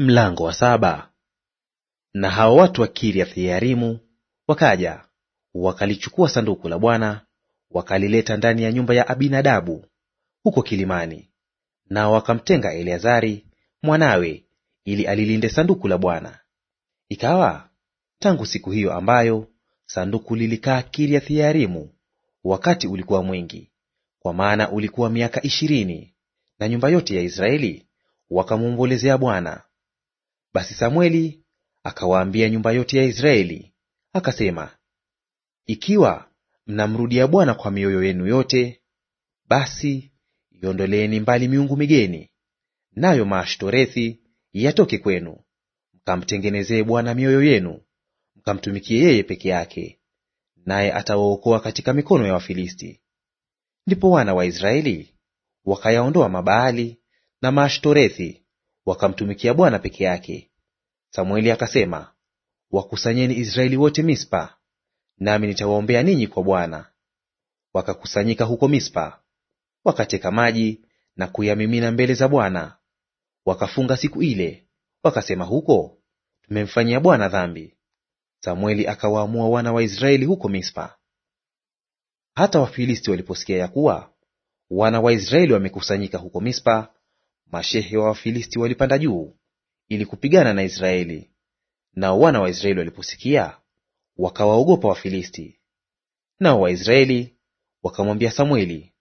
Mlango wa saba. Na hao watu wa Kiriath Yearimu wakaja wakalichukua sanduku la Bwana wakalileta ndani ya nyumba ya Abinadabu huko kilimani, nao wakamtenga Eleazari mwanawe ili alilinde sanduku la Bwana. Ikawa tangu siku hiyo ambayo sanduku lilikaa Kiriath Yearimu, wakati ulikuwa mwingi, kwa maana ulikuwa miaka ishirini, na nyumba yote ya Israeli wakamwombolezea Bwana basi Samweli akawaambia nyumba yote ya Israeli akasema, ikiwa mnamrudia Bwana kwa mioyo yenu yote, basi iondoleeni mbali miungu migeni, nayo Maashtorethi yatoke kwenu, mkamtengenezee Bwana mioyo yenu, mkamtumikie yeye peke yake, naye atawaokoa katika mikono ya Wafilisti. Ndipo wana wa Israeli wakayaondoa Mabaali na Maashtorethi, wakamtumikia Bwana peke yake. Samueli akasema, wakusanyeni Israeli wote Mispa, nami nitawaombea ninyi kwa Bwana. Wakakusanyika huko Mispa, wakateka maji na kuyamimina mbele za Bwana. Wakafunga siku ile, wakasema huko, tumemfanyia Bwana dhambi. Samueli akawaamua wana wa Israeli huko Mispa. Hata Wafilisti waliposikia ya kuwa wana wa Israeli wamekusanyika huko Mispa, mashehe wa Wafilisti walipanda juu ili kupigana na Israeli. Nao wana wa Israeli waliposikia, wakawaogopa Wafilisti. Nao Waisraeli wakamwambia Samweli,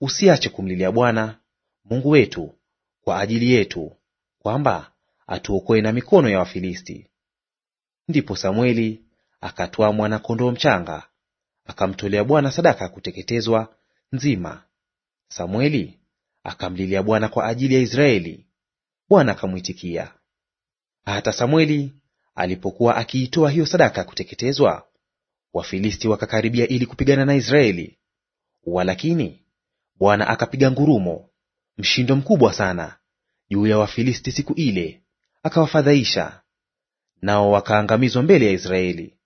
usiache kumlilia Bwana Mungu wetu kwa ajili yetu, kwamba atuokoe na mikono ya Wafilisti. Ndipo Samweli akatwaa mwana-kondoo mchanga akamtolea Bwana sadaka ya kuteketezwa nzima. Samweli akamlilia Bwana kwa ajili ya Israeli, Bwana akamwitikia. Hata Samweli alipokuwa akiitoa hiyo sadaka ya kuteketezwa, Wafilisti wakakaribia ili kupigana na Israeli, walakini Bwana akapiga ngurumo, mshindo mkubwa sana juu ya Wafilisti siku ile, akawafadhaisha, nao wakaangamizwa mbele ya Israeli.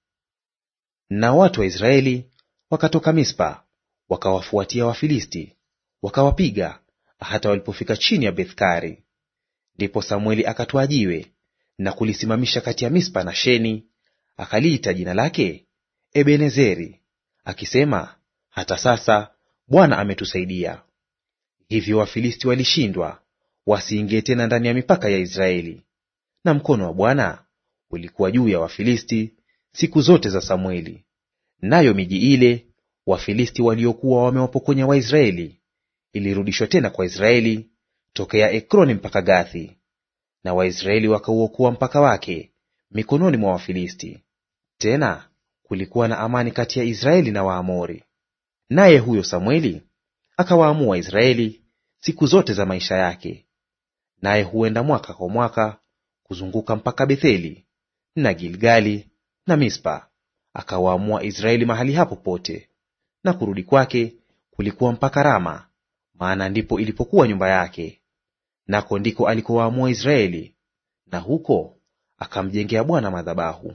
Na watu wa Israeli wakatoka Mispa, wakawafuatia Wafilisti, wakawapiga hata walipofika chini ya Bethkari. Ndipo Samueli akatwaa jiwe na kulisimamisha kati ya Mispa na Sheni, akaliita jina lake Ebenezeri, akisema, hata sasa Bwana ametusaidia. Hivyo Wafilisti walishindwa, wasiingie tena ndani ya mipaka ya Israeli. Na mkono wa Bwana ulikuwa juu ya Wafilisti siku zote za Samueli, nayo miji ile Wafilisti waliokuwa wamewapokonya Waisraeli ilirudishwa tena kwa Israeli tokea Ekroni mpaka Gathi na Waisraeli wakauokoa mpaka wake mikononi mwa Wafilisti. Tena kulikuwa na amani kati ya Israeli na Waamori. Naye huyo Samweli akawaamua Israeli siku zote za maisha yake, naye huenda mwaka kwa mwaka kuzunguka mpaka Betheli na Gilgali na Mispa, akawaamua Israeli mahali hapo pote. Na kurudi kwake kulikuwa mpaka Rama, maana ndipo ilipokuwa nyumba yake nako ndiko alikowaamua Israeli, na huko akamjengea Bwana madhabahu.